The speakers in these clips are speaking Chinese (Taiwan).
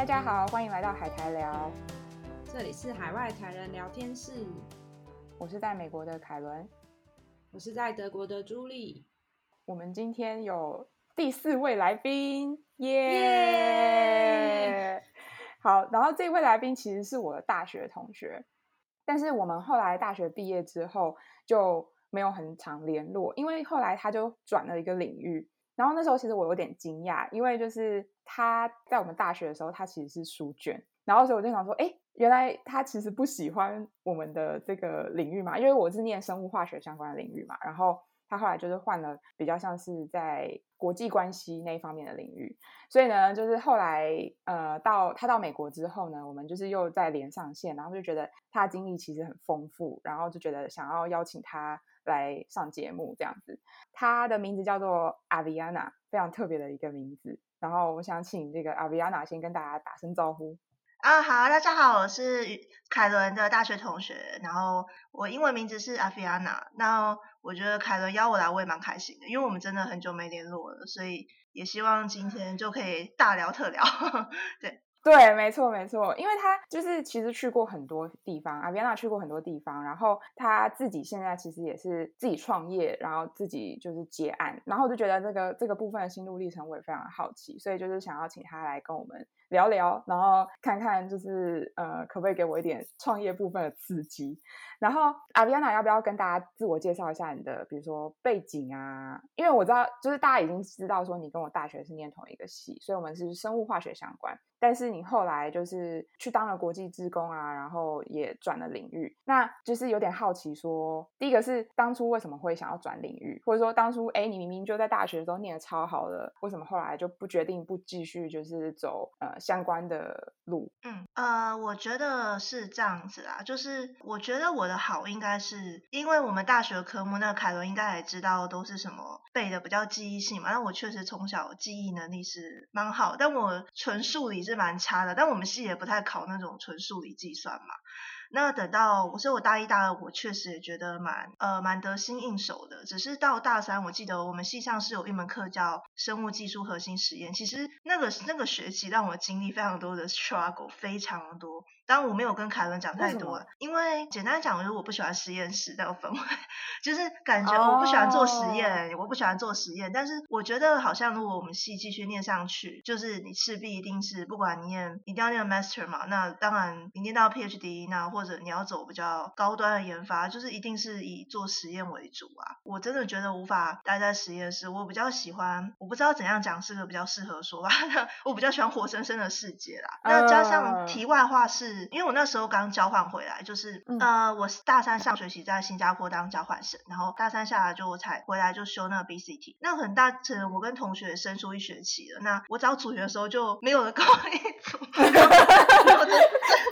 大家好，歡迎來到海苔聊，這裡是海外台人聊天室。我是在美國的凱倫，我是在德國的朱莉。我們今天有第四位來賓，耶！Yeah! 好，然後這位來賓其實是我的大學同學，但是我們後來大學畢業之後就沒有很常聯絡，因為後來他就轉了一個領域。然後那時候其實我有點驚訝，因為就是。他在我們大學的時候，他其實是書卷，然後所以我就想說，哎，原來他其實不喜歡我們的這個領域嘛，因為我是念生物化學相關的領域嘛，然後他後來就是換了比較像是在國際關係那一方面的領域，所以呢，就是後來呃到他到美國之後呢，我們就是又再連上線，然後就覺得他的經歷其實很豐富，然後就覺得想要邀請他來上節目這樣子。他的名字叫做 Avyanna，非常特別的一個名字。然後我想請這個 Avyanna 先跟大家打聲招呼啊，好，大家好，我是凱倫的大學同學，然後我英文名字是 Avyanna。那我覺得凱倫邀我來，我也蠻開心的，因為我們真的很久沒聯絡了，所以也希望今天就可以大聊特聊，呵呵對。對，沒錯沒錯，因為他就是其實去過很多地方，Avyanna 去過很多地方，然後他自己現在其實也是自己創業，然後自己就是接案，然後我就覺得這個這個部分的心路歷程我也非常好奇，所以就是想要請他來跟我們。聊聊，然後看看就是呃，可不可以給我一點創業部分的刺激？然後 Avyanna 要不要跟大家自我介紹一下你的，比如說背景啊？因為我知道就是大家已經知道說你跟我大學是念同一個系，所以我們是生物化學相關。但是你後來就是去當了國際志工啊，然後也轉了領域，那就是有點好奇說，第一個是當初為什麼會想要轉領域，或者說當初哎你明明就在大學的時候念得超好的，為什麼後來就不決定不繼續就是走呃？相關的路，嗯，呃，我覺得是這樣子啦，就是我覺得我的好應該，應該是因為我們大學科目，那凱倫應該也知道，都是什麼背的比較記憶性嘛。那我確實從小記憶能力是蠻好，但我純數理是蠻差的。但我們系也不太考那種純數理計算嘛。那等到我所以我大一、大二，我確實也覺得蠻呃蠻得心應手的。只是到大三，我記得我們系上是有一門課叫生物技術核心實驗。其實那個那個學期讓我經歷非常多的 struggle，非常多。但我沒有跟凱倫講太多了，因為簡單講，如果我不喜歡實驗室，那個氛圍，就是感覺、哦哦、我不喜歡做實驗，我不喜歡做實驗。但是我覺得，好像如果我們系繼續念上去，就是你勢必一定是不管你念，你一定要念 master 嘛。那當然，你念到 PhD 那或者你要走比較高端的研發，就是一定是以做實驗為主啊。我真的覺得無法待在實驗室，我比較喜歡，我不知道怎樣講是個比較適合說吧。我比較喜歡活生生的世界啦。哦、那加上題外話是。因為我那時候剛交換回來，就是、嗯、呃，我是大三上學期在新加坡當交換生，然後大三下來就我才回來就修那個 BCT，那很大程我跟同學升出一學期了，那我找組員的時候就沒有了高一組。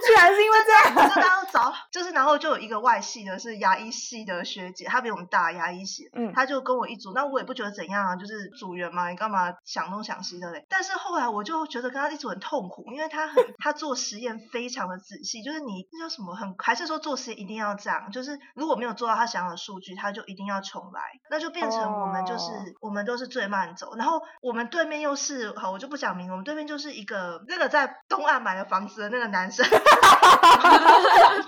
居然是因為這樣，就然後找就是找，就是、然後就有一個外系的，是牙醫系的學姐，她比我們大牙醫系，嗯，她就跟我一組，那我也不覺得怎樣啊，就是組員嘛，你幹嘛想東想西的嘞？但是後來我就覺得跟她一組很痛苦，因為她很，她做實驗非常的仔細，就是你那叫什麼很，還是說做實驗一定要這樣，就是如果沒有做到她想要的數據，她就一定要重來，那就變成我們就是、oh. 我們都是最慢走，然後我們對面又是，好，我就不講名，我們對面就是一個那個在東岸買了房子的那個男生。哈哈哈，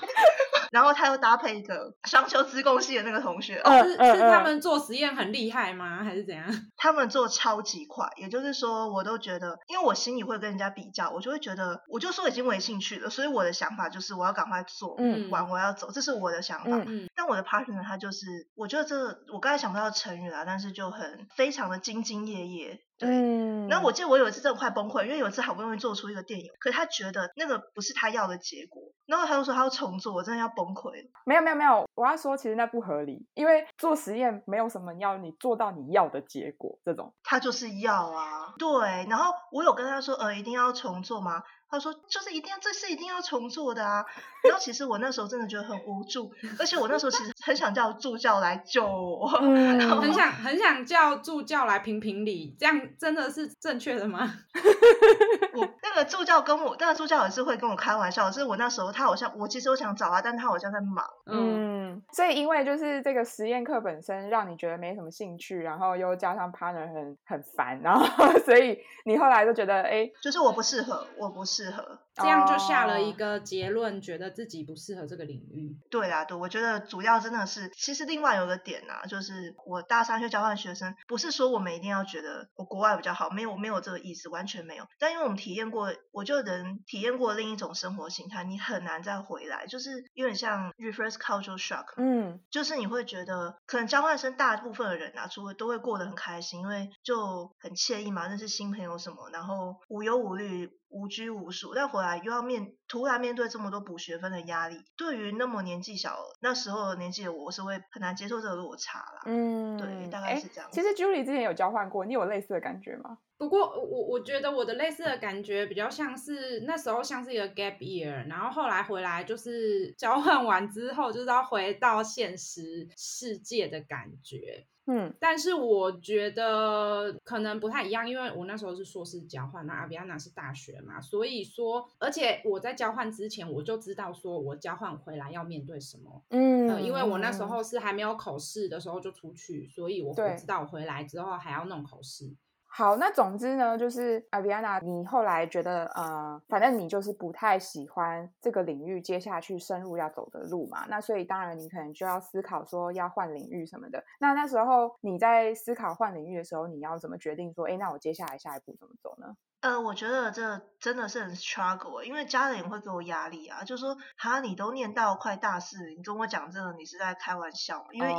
然後他又搭配着雙修資工系的那個同學，哦、是是他們做實驗很厲害嗎？還是怎樣？ 他們做超級快，也就是說，我都覺得，因為我心裡會跟人家比較，我就會覺得，我就說已經沒興趣了，所以我的想法就是我要趕快做，嗯，完我要走，這是我的想法。嗯。但我的 partner 他就是，我覺得這個、我剛才想不到成語啦，但是就很非常的兢兢業業。對。嗯。然後我記得我有一次真的快崩潰，因為有一次好不容易做出一個電影，可是他覺得那個不是他要的結果，然後他又說他要重做，我真的要崩潰。沒有沒有沒有，我要說其實那不合理，因為做實驗沒有什麼要你做到你要的結果這種。他就是要啊，對。然後我有跟他說，呃，一定要重做嗎？他說：“就是一定要，這是一定要重做的啊！”然後其實我那時候真的覺得很無助，而且我那時候其實很想叫助教來救我，嗯、然後，很想很想叫助教來評評理，這樣真的是正確的嗎？哈哈哈。那個助教跟我，那個助教也是會跟我開玩笑，就是我那時候他好像，我其實我想找啊，但他好像在忙。嗯，所以因為就是這個實驗課本身讓你覺得沒什麼興趣，然後又加上 partner 很很煩，然後所以你後來就覺得，哎、欸，就是我不適合，我不適合。這樣就下了一個結論，oh. 覺得自己不適合這個領域。對啊，對，我覺得主要真的是，其實另外有一個點啊，就是我大三去交換的學生，不是說我們一定要覺得我國外比較好，沒有沒有這個意思，完全沒有。但因為我們體驗過，我就能體驗過另一種生活形態，你很難再回來，就是有點像 reverse cultural shock，嗯，就是你會覺得，可能交換生大部分的人啊，除了都會過得很開心，因為就很愜意嘛，認識新朋友什麼，然後無憂無慮。無拘無束，但回來又要面突然面對這麼多補學分的壓力，對於那麼年紀小那時候的年紀的我，我是會很難接受這個落差啦。嗯，對，大概是這樣。其實 Julie 之前有交換過，你有類似的感覺嗎？不過我我覺得我的類似的感覺比較像是那時候像是一個 gap year，然後後來回來就是交換完之後就是要回到現實世界的感覺。嗯，但是我覺得可能不太一樣，因為我那時候是碩士交換，那 Avyanna 是大學嘛，所以說，而且我在交換之前我就知道說我交換回來要面對什麼，嗯、呃，因為我那時候是還沒有口試的時候就出去，所以我不知道我回來之後還要弄口試。好，那總之呢，就是 Avyanna，你後來覺得呃，反正你就是不太喜歡這個領域，接下去深入要走的路嘛，那所以當然你可能就要思考說要換領域什麼的。那那時候你在思考換領域的時候，你要怎麼決定說，哎、欸，那我接下來下一步怎麼走呢？呃，我覺得這真的是很 struggle，欸，因為家人也會給我壓力啊，就是說，哈，你都念到快大四，你跟我講這個，你是在開玩笑？因為以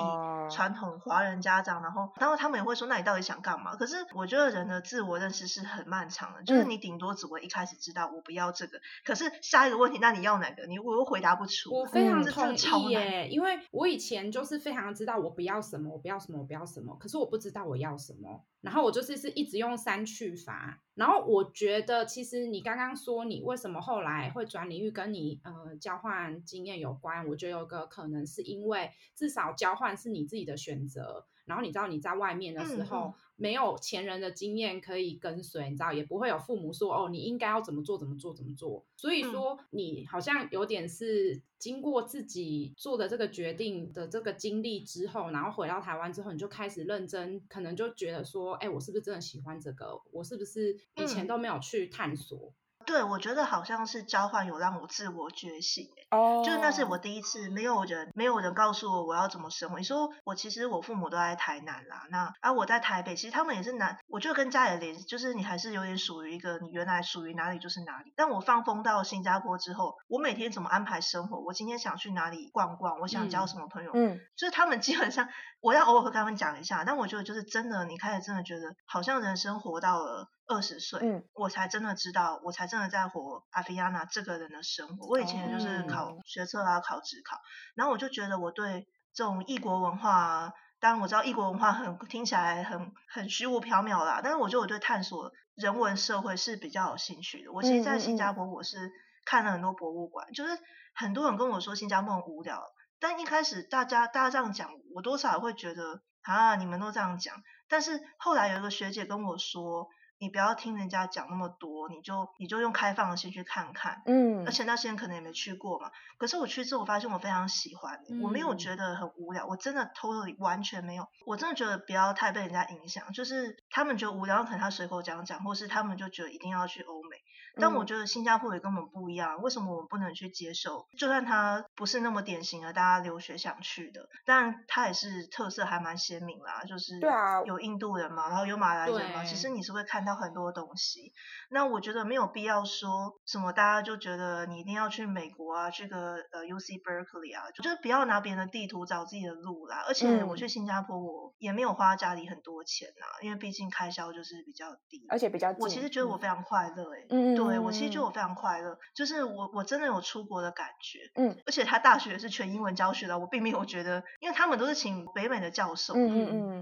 傳統華人家長，然後然後他們也會說，那你到底想幹嘛？可是我覺得人的自我認識是很漫長的，就是你頂多只會一開始知道我不要這個，嗯，可是下一個問題，那你要哪個？你我又回答不出。我非常同意耶，因為我以前就是非常知道我不要什麼，我不要什麼，我不要什麼，什麼可是我不知道我要什麼。然後我就是是一直用刪去法，然後我覺得其實你剛剛說你為什麼後來會轉領域跟你呃交換經驗有關，我覺得有個可能是因為至少交換是你自己的選擇，然後你知道你在外面的時候。嗯嗯沒有前人的經驗可以跟隨，你知道也不會有父母說哦，你應該要怎麼做怎麼做怎麼做。所以說，嗯，你好像有點是經過自己做的這個決定的這個經歷之後，然後回到台灣之後，你就開始認真，可能就覺得說，哎，我是不是真的喜歡這個？我是不是以前都沒有去探索？嗯對，我覺得好像是交換有讓我自我覺醒，哎，oh. 就是那是我第一次沒有人沒有人告訴我我要怎麼生活。你說我其實我父母都在台南啦，那而、啊、我在台北，其實他們也是南，我就跟家裡聯繫，就是你還是有點屬於一個你原來屬於哪裡就是哪裡。但我放風到新加坡之後，我每天怎麼安排生活，我今天想去哪裡逛逛，我想交什麼朋友，嗯，嗯就是他們基本上我要偶爾會跟他們講一下，但我覺得就是真的，你開始真的覺得好像人生活到了。二十歲，歲嗯、我才真的知道，我才真的在乎，Avyanna 這個人的生活。哦、我以前就是考學測啊，嗯、考指考，然後我就覺得我對這種異國文化，啊，當然我知道異國文化很聽起來很很虛無縹緲啦，但是我覺得我對探索人文社會是比較有興趣的。我其實，在新加坡，我是看了很多博物館，嗯，就是很多人跟我說新加坡很無聊，但一開始大家大家這樣講，我多少也會覺得啊，你們都這樣講，但是後來有一個學姐跟我說，你不要聽人家講那麼多，你就你就用開放的心去看看，嗯。而且那些人可能也沒去過嘛。可是我去之後，我發現我非常喜歡，嗯、我沒有覺得很無聊，我真的 totally 完全沒有，我真的覺得不要太被人家影響。就是他們覺得無聊，可能他隨口講講，或是他們就覺得一定要去歐美。但我覺得新加坡也跟我們不一樣，為什麼我們不能去接受？就算他不是那麼典型的大家留學想去的，但他也是特色還蠻鮮明啦。就是有印度人嘛，然後有馬來人嘛，對其實你是會看到。很多東西，那我覺得沒有必要說什麼，大家就覺得你一定要去美國啊，去個呃 UC Berkeley 啊，就不要拿別人的地圖找自己的路啦。而且我去新加坡，我也沒有花家裡很多錢吶，因為畢竟開銷就是比較低，而且比較。我其實覺得我非常快樂哎，嗯，對，我其實覺得我非常快樂，就是我我真的有出國的感覺，嗯，而且他大學是全英文教學的，我並沒有覺得，因為他們都是請北美的教授，嗯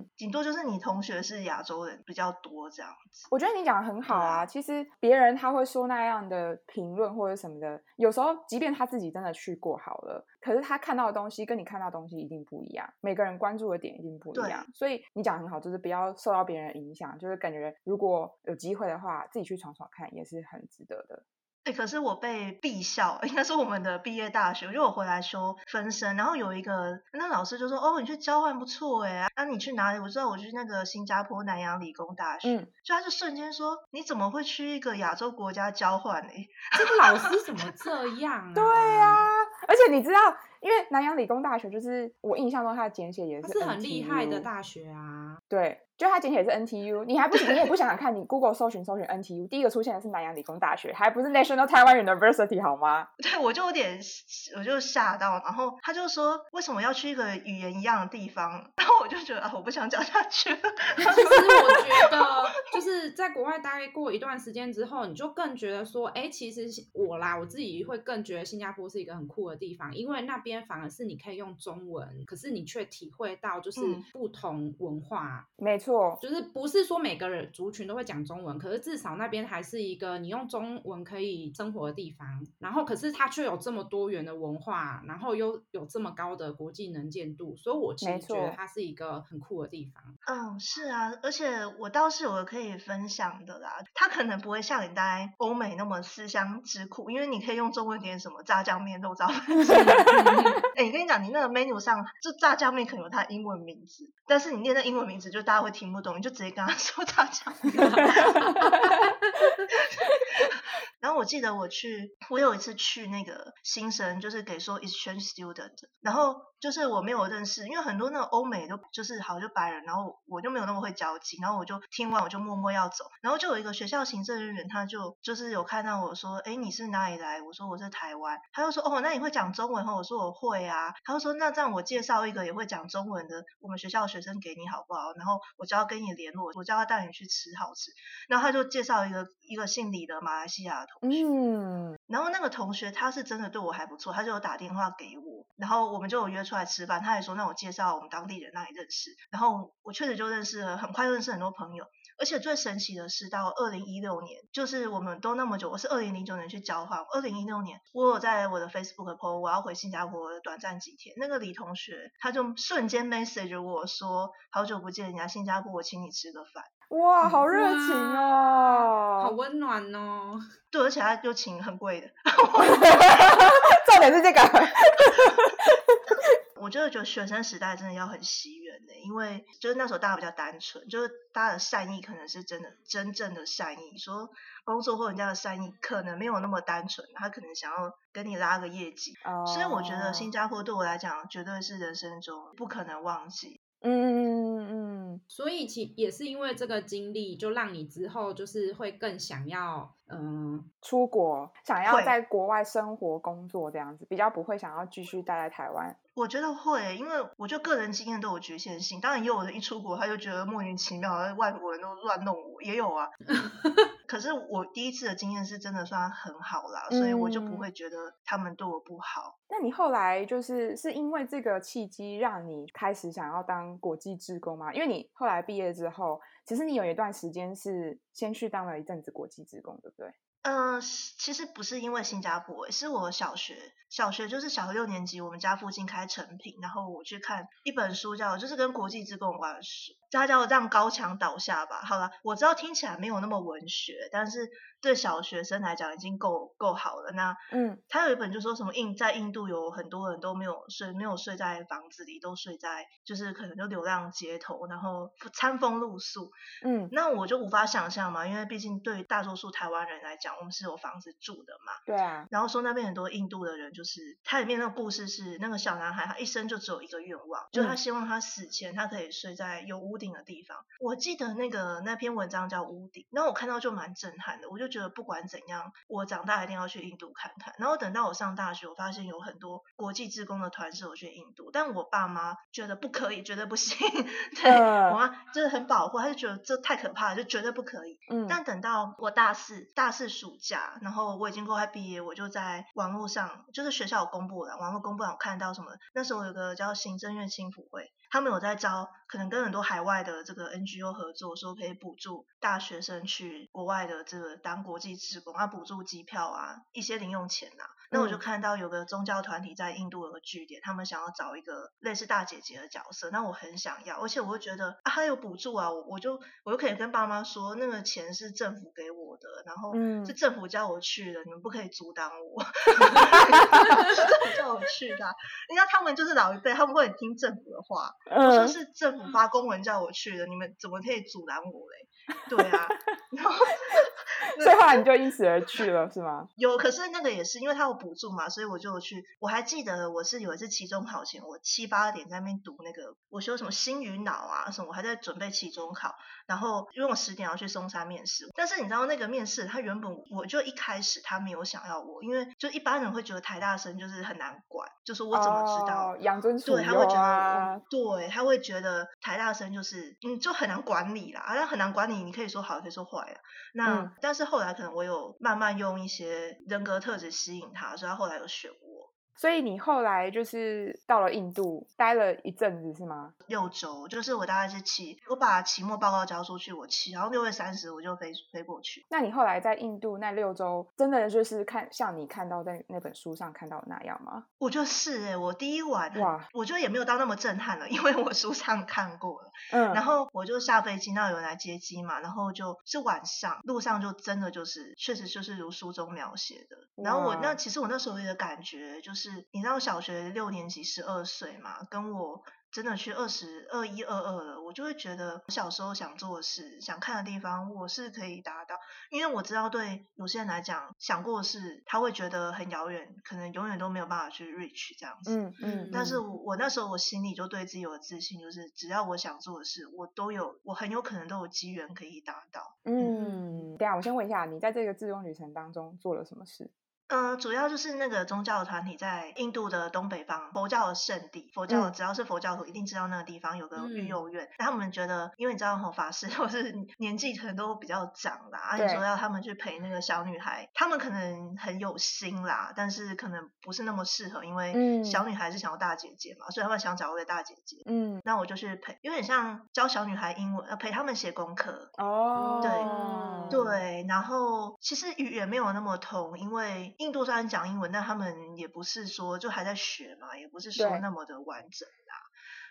嗯，頂、嗯嗯、多就是你同學是亞洲人比較多這樣子。我覺得你講的很好啊。嗯，其實別人他會說那樣的評論或者什麼的，有時候即便他自己真的去過好了，可是他看到的東西跟你看到的東西一定不一樣。每個人關注的點一定不一樣，對所以你講的很好，就是不要受到別人的影響，就是感覺如果有機會的話，自己去闖闖看也是很值得的。對，可是我被畢校，應該是我們的畢業大學。我就我回來說分身，然後有一個那老師就說：“哦，你去交換不錯哎那、啊、你去哪裡？”我知道我去那個新加坡南洋理工大學，嗯、就他就瞬間說：“你怎麼會去一個亞洲國家交換誒？哎，這個老師怎麼這樣、啊？” 對啊，而且你知道，因為南洋理工大學就是我印象中它的簡寫也是 NTU，他是很厲害的大學啊。對。就他簡寫是 NTU，你還不你也不想想看你 Google 搜尋搜尋 NTU， 第一個出現的是南洋理工大學，還不是 National Taiwan University 好嗎？對，我就有點我就嚇到，然後他就說為什麼要去一個語言一樣的地方？然後我就覺得啊、哦，我不想講下去了。其實我覺得 就是在國外待過一段時間之後，你就更覺得說，哎、欸，其實我啦，我自己會更覺得新加坡是一個很酷的地方，因為那邊反而是你可以用中文，可是你卻體會到就是不同文化，嗯、沒錯。就是不是說每個人族群都會講中文，可是至少那邊還是一個你用中文可以生活的地方。然後，可是它卻有這麼多元的文化，然後又有這麼高的國際能見度，所以，我其實覺得它是一個很酷的地方。錯嗯，是啊，而且我倒是我可以分享的啦。它可能不會像你在歐美那麼思鄉之苦，因為你可以用中文點什麼炸醬麵、豆渣。哎、 嗯欸，你跟你講，你那個 menu 上，這炸醬麵可能有它的英文名字，但是你念那英文名字，就大家會。聽不懂，你就直接跟他說他講的 然後我記得我去，我有一次去那個新生，就是給說 exchange student，然後就是我沒有認識，因為很多那個歐美都就是好像白人，然後我就沒有那麼會交際，然後我就聽完我就默默要走，然後就有一個學校行政人員，他就就是有看到我說，哎，你是哪裡來？我說我是台灣，他就說，哦，那你會講中文嗎？我說我會啊，他就說，那這樣我介紹一個也會講中文的我們學校的學生給你好不好？然後我叫他跟你聯絡，我叫他帶你去吃好吃，然後他就介紹一個一個姓李的馬來西亞。嗯，然後那個同學他是真的對我還不錯，他就有打電話給我，然後我們就有約出來吃飯，他也說讓我介紹我們當地人那裡認識，然後我確實就認識了，很快認識很多朋友，而且最神奇的是到二零一六年，就是我們都那麼久，我是二零零九年去交換，二零一六年我有在我的 Facebook po 我要回新加坡短暫幾天，那個李同學他就瞬間 message 我說，好久不見，你來新加坡我請你吃個飯。哇，好熱情哦，嗯啊、好溫暖哦，對，而且他又請很貴的，重點是這個。我真的覺得學生時代真的要很惜緣的，因為就是那時候大家比較單純，就是大家的善意可能是真的、真正的善意。說工作或者人家的善意，可能沒有那麼單純，他可能想要跟你拉個業績。Oh. 所以我覺得新加坡對我來講，絕對是人生中不可能忘記。所以其也是因為這個經歷，就讓你之後就是會更想要嗯、呃、出國，想要在國外生活工作這樣子，對比較不會想要繼續待在台灣。我覺得會，因為我就個人經驗都有局限性。當然，也有人一出國他就覺得莫名其妙，外國人都亂弄我，也有啊。 可是我第一次的經驗是真的算很好了，嗯、所以我就不會覺得他們對我不好。那你後來就是是因為這個契機，讓你開始想要當國際志工嗎？因為你後來畢業之後，其實你有一段時間是先去當了一陣子國際志工，對不對？嗯、呃，其實不是因為新加坡、欸，是我小學，小學就是小學六年級，我們家附近開誠品，然後我去看一本書叫，叫就是跟國際志工有關的書。大家這讓高牆倒下吧。好了，我知道聽起來沒有那麼文學，但是對小學生來講已經夠夠好了。那嗯，他有一本就說什麼印在印度有很多人都沒有睡沒有睡在房子裡，都睡在就是可能就流浪街頭，然後餐風露宿。嗯，那我就無法想象嘛，因為畢竟對大多數台灣人來講，我們是有房子住的嘛。對啊。然後說那邊很多印度的人，就是他裡面那個故事是那個小男孩，他一生就只有一個願望，嗯、就他希望他死前他可以睡在有屋定的地方，我記得那個那篇文章叫《屋頂》，然後我看到就蠻震撼的，我就覺得不管怎樣，我長大一定要去印度看看。然後等到我上大學，我發現有很多國際志工的團社，我去印度，但我爸媽覺得不可以，絕對不行。對，我媽就是很保護，她就覺得這太可怕了，就絕對不可以。嗯。但等到我大四，大四暑假，然後我已經夠快畢業，我就在網絡上，就是學校有公布了，網絡公布了，我看到什麼？那時候有個叫行政院青輔會。他們有在招，可能跟很多海外的這個 NGO 合作，說可以補助大學生去國外的這個當國際志工啊，補助機票啊，一些零用錢啊。那我就看到有個宗教團體在印度有個據點，他們想要找一個類似大姐姐的角色。那我很想要，而且我會覺得啊，還有補助啊，我我就我就可以跟爸媽說，那個錢是政府給我的，然後是政府叫我去的，你們不可以阻擋我。嗯、 是政府叫我去的、啊，你知道他們就是老一輩，他們會很聽政府的話。我說是政府發公文叫我去的，你們怎麼可以阻攔我嘞？ 對啊，然 後最後你就一死而去了， 是嗎？有，可是那個也是，因為他有補助嘛，所以我就去。我還記得我是有一次期中考前，我七八點在那邊讀那個，我學什麼心與腦啊什麼，我還在準備期中考。然後因為我十點要去嵩山面試，但是你知道那個面試，他原本我就一開始他沒有想要我，因為就一般人會覺得台大生就是很難管，就是我怎麼知道養、哦、尊處優啊？對，他會，覺得，對，他會覺得台大生就是嗯，就很難管理啦，好像很難管理。你可以說好，也可以說壞呀、啊。那、嗯、但是後來可能我有慢慢用一些人格特質吸引他，所以他後來有選我。所以你後來就是到了印度待了一陣子是嗎？六週，就是我大概是七，我把期末報告交出去，我七，然後六月三十我就飛飛過去。那你後來在印度那六週，真的就是看像你看到在那本書上看到的那樣嗎？我就是哎、欸，我第一晚，哇我就也沒有到那麼震撼了，因為我書上看過了。嗯。然後我就下飛機，那有人來接機嘛，然後就是晚上路上就真的就是確實就是如書中描寫的。然後我哇那其實我那時候的感覺就是。你知道小學六年級十二歲嘛？跟我真的去二十二一、二二了，我就會覺得，小時候想做的事、想看的地方，我是可以達到。因為我知道，對有些人來講，想過的事，他會覺得很遙遠，可能永遠都沒有辦法去 reach 這樣子。嗯，嗯，嗯。但是我，我那時候我心裡就對自己有自信，就是只要我想做的事，我都有，我很有可能都有機緣可以達到。嗯，嗯。等下我先問一下，你在這個自由旅程當中做了什麼事？呃，主要就是那個宗教團體在印度的東北方，佛教的聖地。佛教的只要是佛教徒，嗯、一定知道那個地方有個育幼院。然、嗯、他們覺得，因為你知道，法師或是年紀可能都比較長啦，而且對、啊、說要他們去陪那個小女孩，他們可能很有心啦，但是可能不是那麼適合，因為小女孩是想要大姐姐嘛，嗯、所以他們想找一位大姐姐。嗯，那我就去陪，因為有點像教小女孩英文，陪他們寫功課。哦，對對，然後其實語言沒有那麼通，因為。印度雖然講英文，但他們也不是說就還在學嘛，也不是說那麼的完整啦。對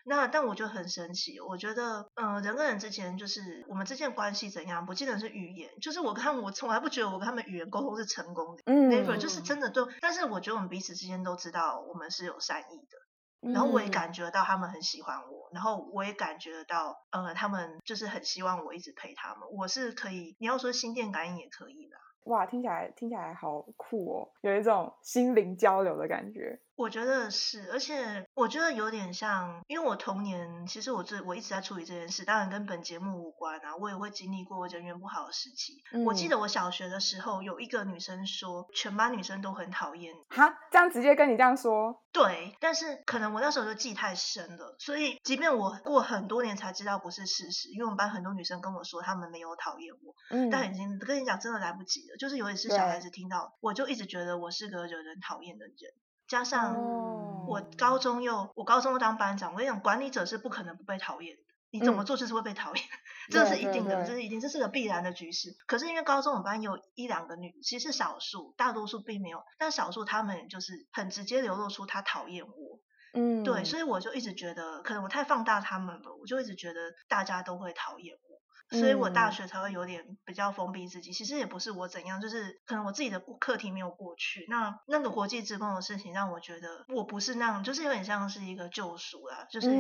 那但我就很神奇，我覺得，嗯、呃，人跟人之間就是我們之間的關係怎樣，不見得是語言。就是我看我從來不覺得我跟他們語言溝通是成功的，Never，、嗯、就是真的都，但是我覺得我們彼此之間都知道我們是有善意的，然後我也感覺到他們很喜歡我，然後我也感覺得到，呃，他們就是很希望我一直陪他們。我是可以，你要說心電感應也可以啦。哇，聽起來聽起來好酷哦，有一種心靈交流的感覺。我覺得是，而且我覺得有點像，因為我童年其實我這我一直在處理這件事，當然跟本節目無關啊。我也會經歷過我人緣不好的時期。嗯、我記得我小學的時候，有一個女生說全班女生都很討厭你。哈，這樣直接跟你這樣說？對，但是可能我那時候就記太深了，所以即便我過很多年才知道不是事實，因為我們班很多女生跟我說她們沒有討厭我，嗯、但已經跟你講真的來不及了，就是尤其是小孩子聽到，對我就一直覺得我是個惹人討厭的人。加上我高中又我高中又當班長，我跟你講管理者是不可能不被討厭的，你怎麼做就是會被討厭，嗯、這是一定的，對對對，這是一定，這是個必然的局勢。可是因為高中我們班有一兩個女，其實是少數，大多數並沒有，但少數她們就是很直接流露出她討厭我，嗯，對，所以我就一直覺得可能我太放大他們了，我就一直覺得大家都會討厭我。所以我大學才會有點比較封閉自己，嗯、其實也不是我怎樣，就是可能我自己的課題沒有過去。那那個國際志工的事情讓我覺得我不是那樣，就是有點像是一個救贖啦，就是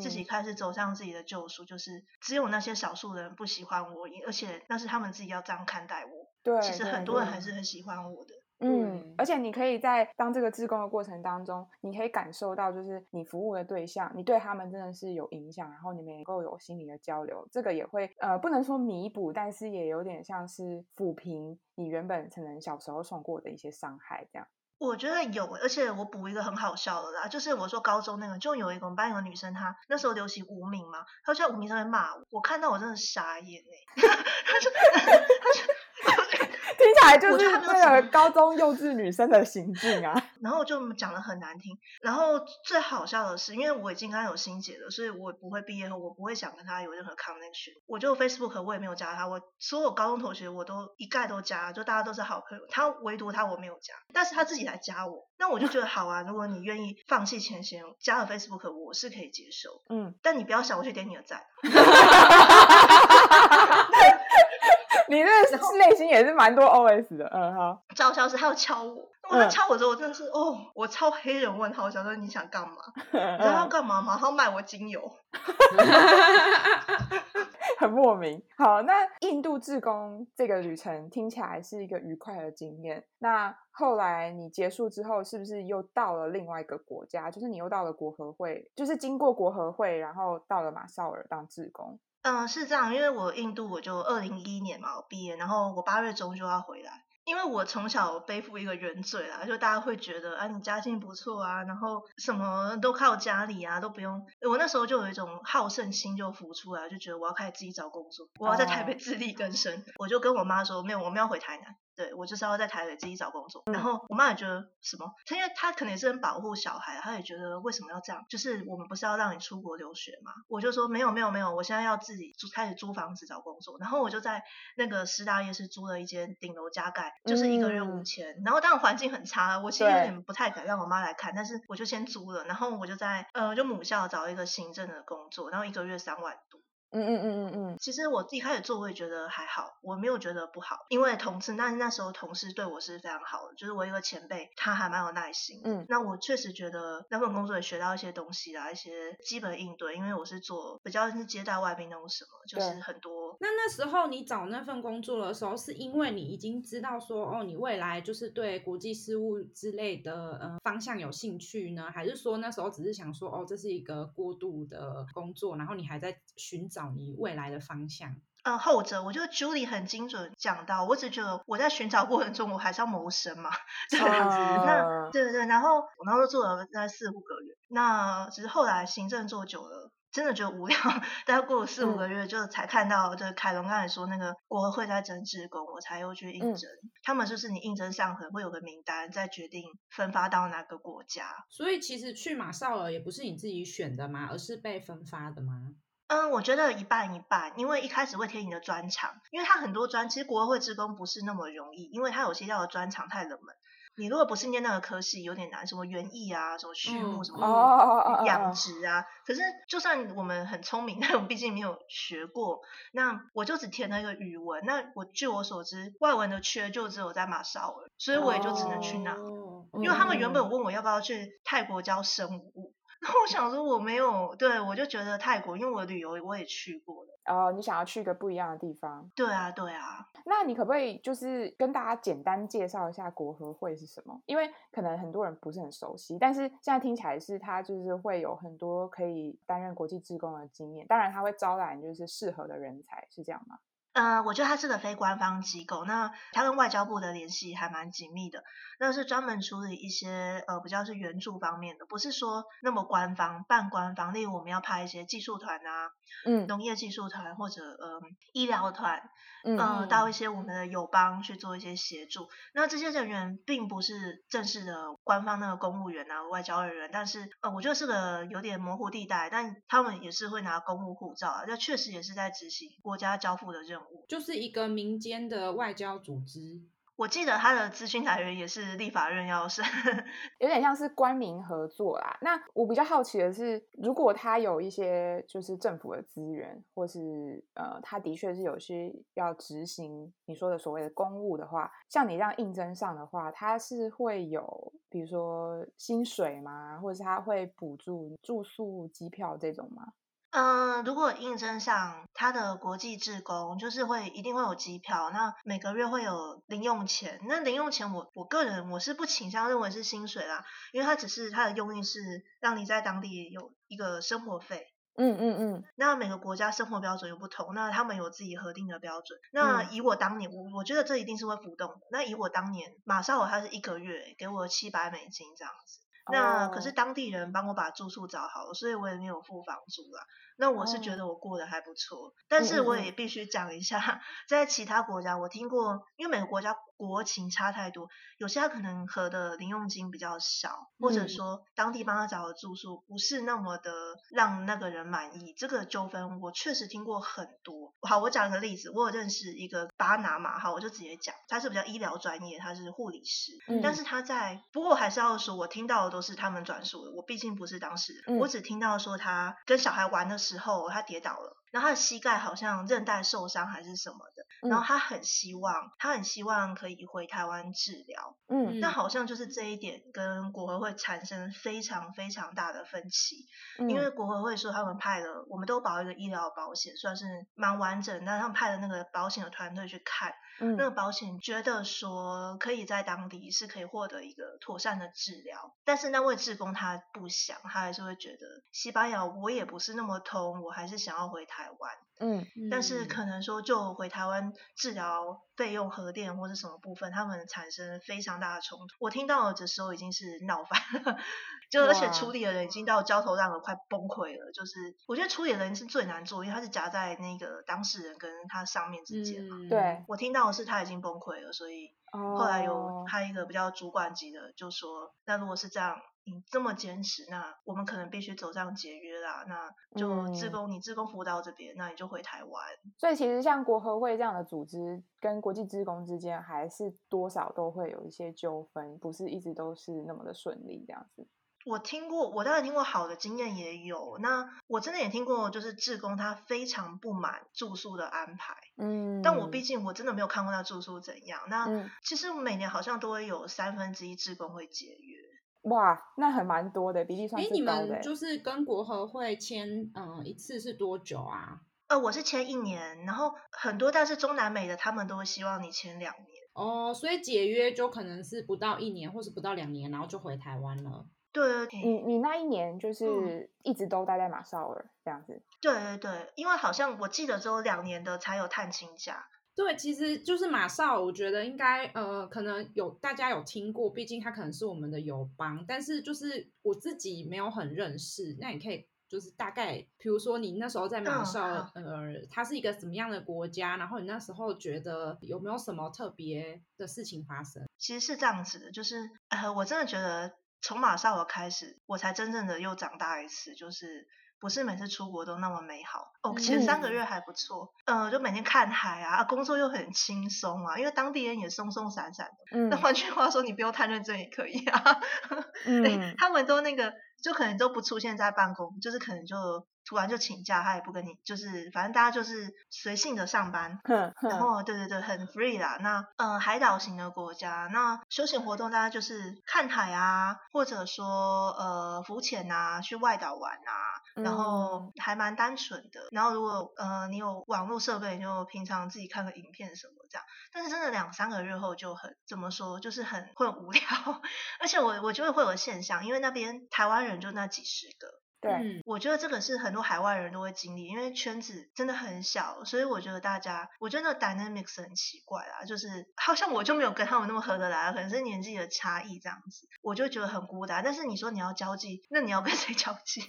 自己開始走向自己的救贖，嗯、就是只有那些少數的人不喜歡我，而且那是他們自己要這樣看待我。對，其實很多人還是很喜歡我的。嗯，而且你可以在當這個志工的過程當中，你可以感受到，就是你服務的對象，你對他們真的是有影響，然後你們也夠有心理的交流，這個也會呃，不能說彌補，但是也有點像是撫平你原本可能小時候受過的一些傷害這樣。我覺得有，而且我補一個很好笑的啦，就是我說高中那個，就有一個我們班有個女生她，她那時候流行無名嘛，她就在無名上面罵我，我看到我真的傻眼哎、欸，她說，她說。聽起來就是那個高中幼稚女生的行徑啊！然後就講得很難聽，然後最好笑的是，因為我已經剛剛有心結了，所以我不會畢業後，我不會想跟他有任何 connection，我就 Facebook，我也沒有加他。我所有我高中同學我都一概都加，就大家都是好朋友。他唯獨他我沒有加，但是他自己來加我，那我就覺得好啊。如果你願意放棄前嫌，加了 Facebook，我是可以接受。嗯，但你不要想我去點你的讚。 你那的內心也是蠻多 OS 的。後嗯哈，照相師，還要敲我，我在敲我之後，嗯、我真的是哦，我超黑人問他，我想說你想幹嘛？嗯、你知道他要幹嘛嗎？他要賣我精油， 很莫名。好，那印度志工這個旅程聽起來是一個愉快的經驗。那後來你結束之後，是不是又到了另外一個國家？就是你又到了國合會，就是經過國合會，然後到了馬紹爾當志工。嗯、呃，是這樣，因為我印度我就二零一一年嘛，我畢業，然後我八月中就要回來，因為我從小背負一個原罪啦，就大家會覺得啊，你家境不錯啊，然後什麼都靠家裡啊，都不用，我那時候就有一種好勝心就浮出來，就覺得我要開始自己找工作，我要在台北自力更生，Oh. 我就跟我媽說，沒有，我們要回台南。對，我就是要在台北自己找工作。嗯、然後我媽也覺得什麼？她因為她可能也是很保護小孩，她也覺得為什麼要這樣？就是我們不是要讓你出國留學嗎？我就說沒有沒有沒有，我現在要自己租，開始租房子找工作。然後我就在那個師大夜市租了一間頂樓加蓋，就是一個月五千、嗯。然後當然環境很差，我其實有點不太敢讓我媽來看，對但是我就先租了。然後我就在呃就母校找一個行政的工作，然後一個月三萬多。嗯嗯嗯嗯嗯，嗯嗯嗯其實我一開始做，我也覺得還好，我沒有覺得不好，因為同事那那時候同事對我是非常好的，就是我一個前輩他還蠻有耐心，嗯，那我確實覺得那份工作也學到一些東西啦，一些基本應對，因為我是做比較是接待外賓那種什麼，就是很多。那那時候你找那份工作的時候，是因為你已經知道說哦，你未來就是對國際事務之類的嗯、呃、方向有興趣呢，還是說那時候只是想說哦，這是一個過渡的工作，然後你還在尋找？找你未來的方向？嗯、呃，後者我覺得 Julie 很精準講到，我只覺得我在尋找過程中，我還是要謀生嘛，啊、這樣子。對對對，然後我那時做了那四五個月，那其實後來行政做久了，真的覺得無聊。但過了四五個月，就才看到，嗯、就是凱倫剛才說那個國合會在徵志工，我才又去應徵。嗯、他們就是你應徵上，可能會有個名單，再決定分發到哪個國家。所以其實去馬紹爾也不是你自己選的嘛，而是被分發的嗎？嗯，我覺得一半一半，因為一開始會填你的專長，因為他很多專，其實國合會志工不是那麼容易，因為他有些要的專長太冷門。你如果不是念那個科系，有點難，什麼園藝啊，什麼畜牧，嗯、什麼養殖啊。哦哦、可是就算我們很聰明，但我們畢竟沒有學過。那我就只填了一個語文。那我據我所知，外文的缺就只有在馬紹爾，所以我也就只能去那。哦嗯、因為他們原本問我要不要去泰國教生物。那我想說我沒有，對我就覺得泰國，因為我旅遊我也去過了。哦，你想要去一個不一樣的地方？對啊，對啊。那你可不可以就是跟大家簡單介紹一下國合會是什麼？因為可能很多人不是很熟悉，但是現在聽起來是他就是會有很多可以擔任國際志工的經驗，當然他會招攬就是適合的人才，是這樣嗎？呃，我覺得它是個非官方機構，那它跟外交部的聯繫還蠻緊密的，那是專門處理一些呃比較是援助方面的，不是說那麼官方，半官方。例如我們要派一些技術團啊。嗯，農業技術團或者呃醫療團，嗯、呃，到一些我們的友邦去做一些協助。嗯、那這些人員並不是正式的官方那個公務員啊、外交人員，但是呃我覺得是個有點模糊地帶，但他們也是會拿公務護照啊，這確實也是在執行國家交付的任務，就是一個民間的外交組織。我記得他的資訊來源也是立法院要審，有點像是官民合作啦。那我比較好奇的是，如果他有一些就是政府的資源，或是呃，他的確是有些要執行你說的所謂的公務的話，像你這樣應徵上的話，他是會有比如說薪水嗎？或者是他會補助住宿、機票這種嗎？嗯、呃，如果應徵上他的國際志工，就是會一定會有機票，那每個月會有零用錢。那零用錢我，我我個人我是不傾向認為是薪水啦，因為他只是他的用意是讓你在當地有一個生活費。嗯嗯嗯。嗯嗯那每個國家生活標準又不同，那他們有自己核定的標準。那以我當年，嗯、我我覺得這一定是會浮動的。那以我當年，馬紹爾他是一個月給我七百美金這樣子。那可是當地人幫我把住宿找好了，所以我也沒有付房租了，啊。那我是覺得我過得還不錯，嗯、但是我也必須講一下，在其他國家我聽過，因為每個國家國情差太多，有些他可能和的零用金比較少，或者說當地幫他找的住宿不是那麼的讓那個人滿意，這個糾紛我確實聽過很多。好，我講一個例子，我有認識一個巴拿馬，哈，我就直接講，他是比較醫療專業，他是護理師，嗯、但是他在不過我還是要說，我聽到的都是他們轉述，我畢竟不是當事人，嗯、我只聽到說他跟小孩玩的時候。之後，他跌倒了。然後他的膝蓋好像韌帶受傷還是什麼的，然後他很希望，他很希望可以回台灣治療，嗯，但好像就是這一點跟國合會產生非常非常大的分歧，因為國合會說他們派了，我們都保一個醫療保險算是蠻完整，但他們派了那個保險的團隊去看，嗯，那個保險覺得說可以在當地是可以獲得一個妥善的治療，但是那位志工他不想，他還是會覺得西班牙我也不是那麼通，我還是想要回台灣。台灣，嗯，嗯，但是可能說就回台灣治療費用、核電或是什麼部分，他們產生非常大的衝突。我聽到的這時候已經是鬧翻了。哇就而且處理的人已經到焦頭爛額，快崩潰了。就是我覺得處理的人是最難做，因為他是夾在那個當事人跟他上面之間嘛，嗯。對，我聽到的是他已經崩潰了，所以後來有他一個比較主管級的，就說那如果是這樣。這麼堅持，那我們可能必須走這樣解約啦。那就志工，嗯、你志工服務到這邊，那你就回台灣。所以其實像國合會這樣的組織跟國際志工之間，還是多少都會有一些糾紛，不是一直都是那麼的順利這樣子。我聽過，我當然聽過好的經驗也有。那我真的也聽過，就是志工他非常不滿住宿的安排。嗯，但我畢竟我真的沒有看過他住宿怎樣。那其實每年好像都會有三分之一志工會解約。哇，那很蠻多的，比例算是高的。哎、欸，你們就是跟國合會簽，嗯、呃，一次是多久啊？呃，我是簽一年，然後很多，但是中南美的他們都會希望你簽兩年。哦，所以解約就可能是不到一年，或是不到兩年，然後就回台灣了。對，你你那一年就是一直都待在馬紹爾、嗯、這樣子。對對對，因為好像我記得只有兩年的才有探親假。對，其實就是馬紹。我覺得應該呃，可能有大家有聽過，畢竟他可能是我們的友邦，但是就是我自己沒有很認識。那你可以就是大概，比如說你那時候在馬紹，嗯、呃，它是一個什麼樣的國家？嗯、然後你那時候覺得有沒有什麼特別的事情發生？其實是這樣子的，就是呃，我真的覺得從馬紹我開始，我才真正的又長大一次，就是。不是每次出國都那麼美好。哦，前三個月還不錯，嗯、呃，就每天看海啊，工作又很輕鬆啊，因為當地人也鬆鬆散散的。嗯、那換句話說，你不用太認真也可以啊。 嗯、欸。他們都那個，就可能都不出現在辦公，就是可能就。突然就請假，他也不跟你，就是反正大家就是隨性的上班，呵呵然後對對對，很 free 啦。那嗯、呃，海島型的國家。那休閒活動大家就是看海啊，或者說呃浮潛啊，去外島玩啊，然後還蠻單純的。嗯、然後如果呃你有網絡設備，就平常自己看個影片什麼這樣。但是真的兩三個月後就很怎麼說，就是很會很無聊，而且我我覺得會有現象，因為那邊台灣人就那幾十個。對、嗯，我覺得這個是很多海外人都會經歷，因為圈子真的很小，所以我覺得大家，我覺得那個 dynamics 很奇怪啦，就是好像我就沒有跟他們那麼合得來，可能是年紀的差異這樣子，我就覺得很孤單。但是你說你要交際，那你要跟誰交際？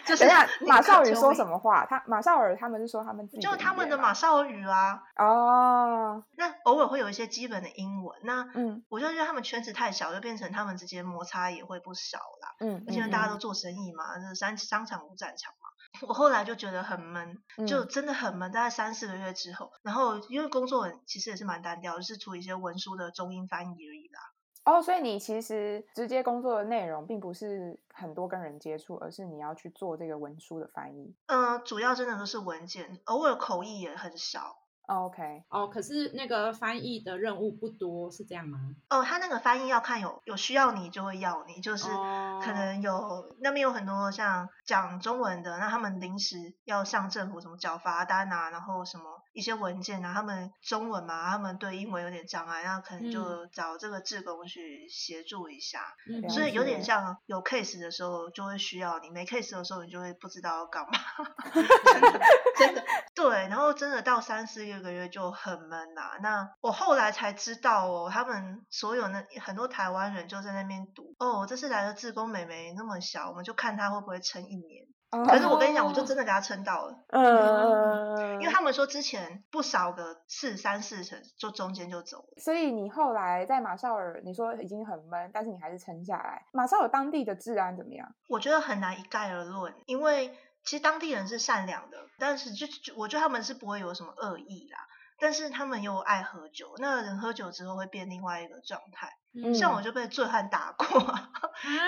就是，等下你你馬紹爾說什麼話？他馬紹爾他們是說他們自己。就他們的馬紹爾語啊，哦，oh. 那偶爾會有一些基本的英文。那嗯，我就覺得他們圈子太小，就變成他們之間摩擦也會不少啦。嗯，而且大家都做生意嘛。嗯嗯嗯反正商場如戰場嘛，我後來就覺得很悶，就真的很悶。大概三四個月之後，嗯、然後因為工作其實也是蠻單調，就是做一些文書的中英翻譯而已啦。哦，所以你其實直接工作的內容並不是很多跟人接觸，而是你要去做這個文書的翻譯。嗯、呃，主要真的都是文件，偶爾口譯也很少。Oh, OK，哦、oh，可是那個翻譯的任務不多，是這樣嗎？哦，他那個翻譯要看有有需要你就會要你，就是可能有、oh. 那邊有很多像講中文的，那他們臨時要上政府什麼繳罰單啊，然後什麼。一些文件啊，他們中文嘛，他們對英文有點障礙，然後可能就找這個志工去協助一下，嗯，所以有點像有 case 的時候就會需要你，沒 case 的時候你就會不知道要幹嘛。 真的對，然後真的到三四個月個月就很悶啦、啊。那我後來才知道哦，他們所有那很多台灣人就在那邊讀哦。我這次來的志工美眉那麼小，我們就看她會不會撐一年。可是我跟你講，我就真的給他撐到了。嗯，嗯，因為他們說之前不少個四三四層，就中間就走了。所以你後來在馬紹爾，你說已經很悶，但是你還是撐下來。馬紹爾當地的治安怎麼樣？我覺得很難一概而論，因為其實當地人是善良的，但是就就我覺得他們是不會有什麼惡意啦。但是他們又愛喝酒，那個人喝酒之後會變另外一個狀態。像我就被醉漢打過，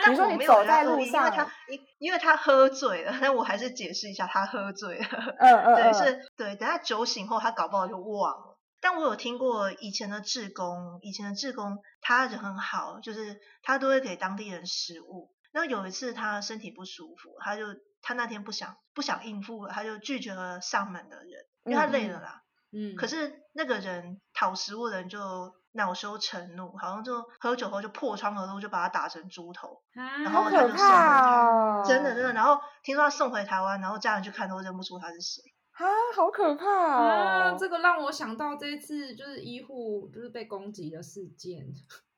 那、嗯、我沒有你你走在路上，因為他因、嗯、因為他喝醉了，但我還是解釋一下，他喝醉了。嗯嗯，嗯嗯對是，對，等他酒醒後，他搞不好就忘了。但我有聽過以前的志工，以前的志工他人很好，就是他都會給當地人食物。然後有一次他身體不舒服，他就他那天不想不想應付了，他就拒絕了上門的人，因為他累了啦。嗯,嗯，嗯可是那個人討食物的人就。惱羞成怒，好像就喝酒後就破窗而入，就把他打成豬頭，啊、然後他就送他，哦、真的真的。然後聽說他送回台灣，然後家人去看都認不出他是誰，啊，好可怕、哦、啊！這個讓我想到這一次就是醫護就是被攻擊的事件。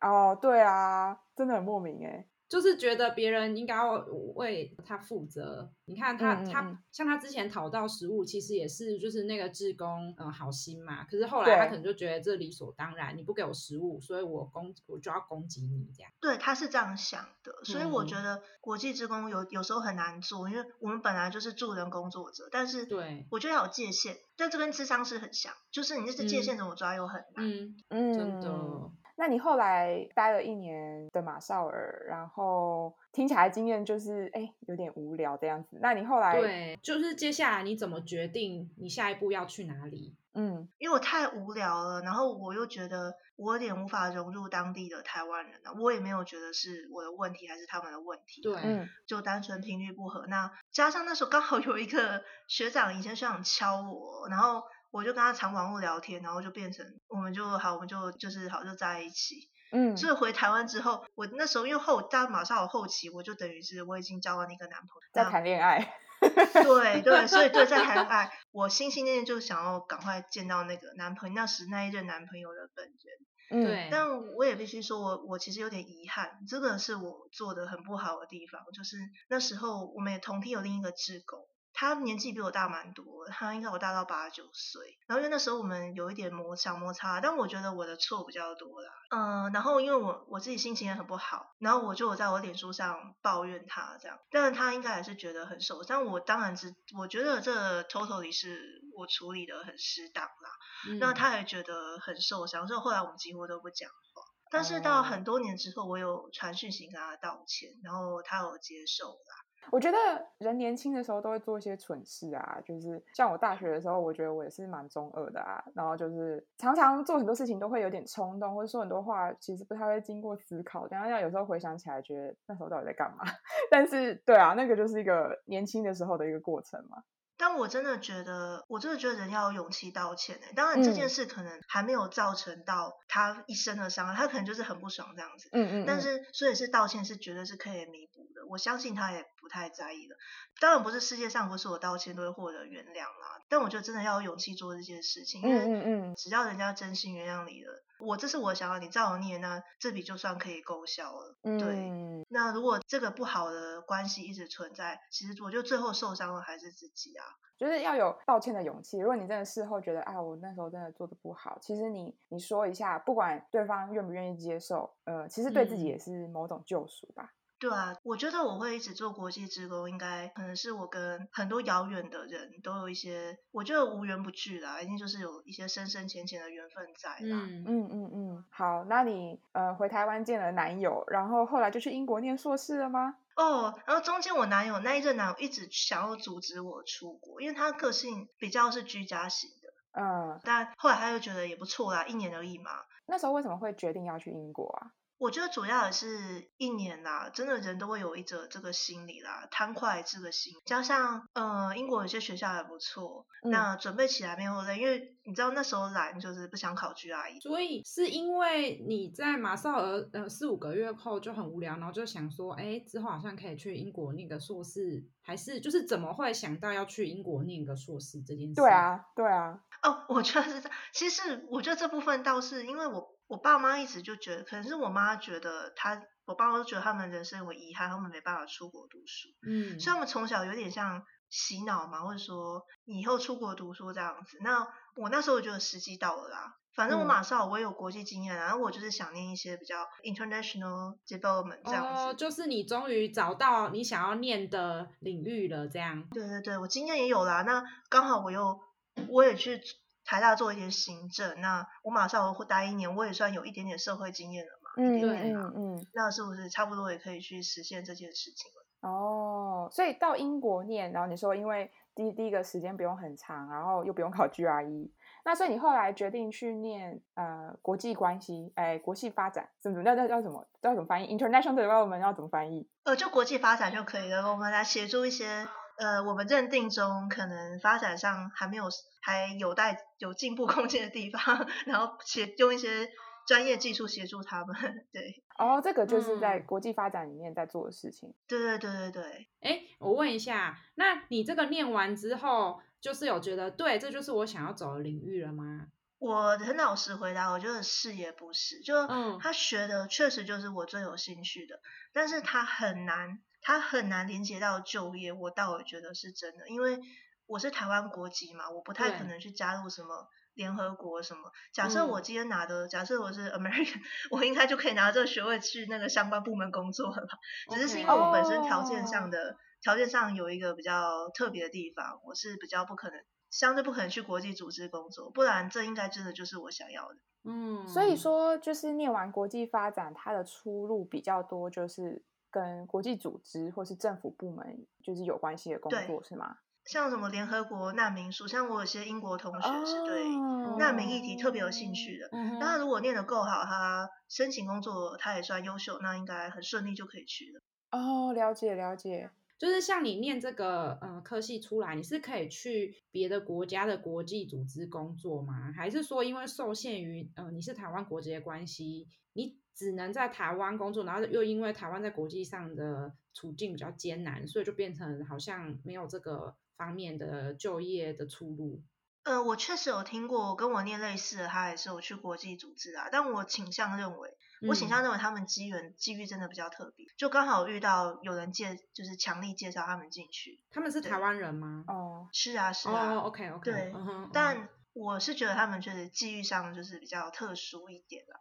哦，對啊，真的很莫名哎。就是覺得別人應該要為他負責。你看他，嗯嗯，他像他之前討到食物，其實也是就是那個志工嗯、呃、好心嘛。可是後來他可能就覺得這理所當然，對你不給我食物，所以我攻我就要攻擊你這樣。對，他是這樣想的。所以我覺得國際志工有有時候很難做，因為我們本來就是助人工作者，但是對，我覺得要有界限，但這跟諮商是很像，就是你這界限怎麼抓又很難嗯。嗯，真的。那你後來待了一年的馬紹爾，然後聽起來經驗就是，哎、欸，有點無聊這樣子。那你後來對，就是接下來你怎麼決定你下一步要去哪裡？嗯，因為我太無聊了，然後我又覺得我有點無法融入當地的台灣人了，我也沒有覺得是我的問題還是他們的問題？對，嗯、就單純頻率不合。那加上那時候剛好有一個學長，以前學長敲我，然後。我就跟他常網絡聊天，然後就變成我們就好，我們就就是好就在一起。嗯，所以回台灣之後，我那時候因為後，他馬上我後期，我就等於是我已經交了那個男朋友，在談戀愛。 對對，所以就在談戀愛， 我心心念念就想要趕快見到那個男朋友，那時那一任男朋友的本人。對，嗯欸、但我也必須說我我其實有點遺憾，這個是我做的很不好的地方，就是那時候我們也同梯有另一個志工。他年紀比我大蠻多，他應該比我大到八九歲。然後因為那時候我們有一點摩擦摩擦，但我覺得我的錯比較多啦。嗯、呃，然後因為我我自己心情也很不好，然後我就在我臉書上抱怨他這樣，但是他應該也是覺得很受傷。但我當然只我覺得這 totally 是我處理得很失當啦，嗯，那他也覺得很受傷，所以後來我們幾乎都不講話。但是到很多年之後，我有傳訊息跟他道歉，然後他有接受啦。我覺得人年輕的時候都會做一些蠢事啊，就是像我大學的時候，我覺得我也是蠻中二的啊，然後就是常常做很多事情都會有點衝動，或者說很多話其實不太會經過思考，等下，要有時候回想起來，覺得那時候到底在幹嘛？但是對啊，那個就是一個年輕的時候的一個過程嘛。但我真的覺得，我真的覺得人要有勇氣道歉。哎，當然這件事可能還沒有造成到他一生的傷害，他可能就是很不爽這樣子。但是，所以是道歉是絕對是可以彌補的。我相信他也不太在意的。當然不是世界上不是我道歉都會獲得原諒啦，但我覺得真的要有勇氣做這件事情，因為只要人家真心原諒你了。我這是我想要你造孽，啊，那這筆就算可以勾銷了。對，嗯、那如果這個不好的關係一直存在，其實我覺得最後受傷的還是自己啊。就是要有道歉的勇氣。如果你真的事後覺得啊、哎，我那時候真的做的不好，其實你你說一下，不管對方願不願意接受，呃，其實對自己也是某種救贖吧。嗯對啊，我覺得我會一直做國際志工，應該可能是我跟很多遙遠的人都有一些，我覺得無緣不聚啦，一定就是有一些深深淺淺的緣分在啦。嗯嗯嗯嗯，好，那你呃回台灣見了男友，然後後來就去英國念碩士了嗎？哦，然後中間我男友那一任男友一直想要阻止我出國，因為他個性比較是居家型的。嗯，但後來他又覺得也不錯啦，一年而已嘛。那時候為什麼會決定要去英國啊？我覺得主要也是一年啦，真的人都會有一者這個心理啦，貪快這個心。加上呃，英國有些學校還不錯，嗯、那準備起來沒有難，因為你知道那時候懶，就是不想考 GRE。所以是因為你在馬紹爾呃四五個月後就很無聊，然後就想說，哎，之後好像可以去英國念個碩士，還是就是怎麼會想到要去英國念個碩士這件事？對啊，對啊。哦，我覺、就、得是這樣。其實我覺得這部分倒是因為我。我爸媽一直就覺得，可能是我媽覺得她，我爸媽覺得他們人生有遺憾，他們沒辦法出國讀書，嗯，所以他們從小有點像洗腦嘛，或者說你以後出國讀書這樣子。那我那時候就有時機到了啦，反正我馬上我也有國際經驗，然後、嗯、我就是想念一些比較 international development 這樣子，子、呃。就是你終於找到你想要念的領域了，這樣。對對對，我經驗也有啦。那剛好我又我也去。台大做一些行政，那我馬上我會待一年，我也算有一點點社會經驗了嘛，嗯、一點點、啊、嗯，嗯那是不是差不多也可以去實現這件事情了？哦，oh, 所以到英國念，然後你說因為第一第一個時間不用很長，然後又不用考 GRE，那所以你後來決定去念呃國際關係，哎國際發展，怎麼怎麼什麼？要怎，怎麼翻譯？International Development 要怎麼翻譯？呃，就國際發展就可以了，我們來協助一些。呃，我們認定中可能發展上還沒有還有待有進步空間的地方，然後且用一些專業技術協助他們。對，哦，這個就是在國際發展裡面在做的事情。嗯、對對對對對。誒，我問一下，那你這個念完之後，就是有覺得對，這就是我想要走的領域了嗎？我很老實回答，我覺得是也不是，就嗯，他學的確實就是我最有興趣的，但是他很難。它很難連接到就業，我倒覺得是真的，因為我是台灣國籍嘛，我不太可能去加入什麼聯合國什麼。對假設我今天拿的，假設我是 American，、嗯、我應該就可以拿這個學位去那個相關部門工作了。Okay. 只是是因為我本身條件上的條、oh、件上有一個比較特別的地方，我是比較不可能，相對不可能去國際組織工作。不然這應該真的就是我想要的。嗯，所以說就是念完國際發展，它的出路比較多，就是。跟國際組織或是政府部門就是有關係的工作對是嗎？像什麼聯合國難民署，像我有些英國同學是對、哦、難民議題特別有興趣的。那他、嗯、如果念得夠好，他申請工作他也算優秀，那應該很順利就可以去了。哦，了解了解。就是像你念這個呃科系出來，你是可以去別的國家的國際組織工作嗎？還是說因為受限於呃你是台灣國籍的關係，你？只能在台灣工作，然後又因為台灣在國際上的處境比較艱難，所以就變成好像沒有這個方面的就業的出路。呃，我確實有聽過跟我念類似的，他也是有去國際組織啊。但我傾向認為，嗯、我傾向認為他們機緣機遇真的比較特別，就剛好遇到有人介，就是強力介紹他們進去。他們是台灣人嗎？哦對，oh. 是啊，是啊。哦、oh，OK OK。對，oh, oh. 但我是覺得他們就是機遇上就是比較特殊一點啦。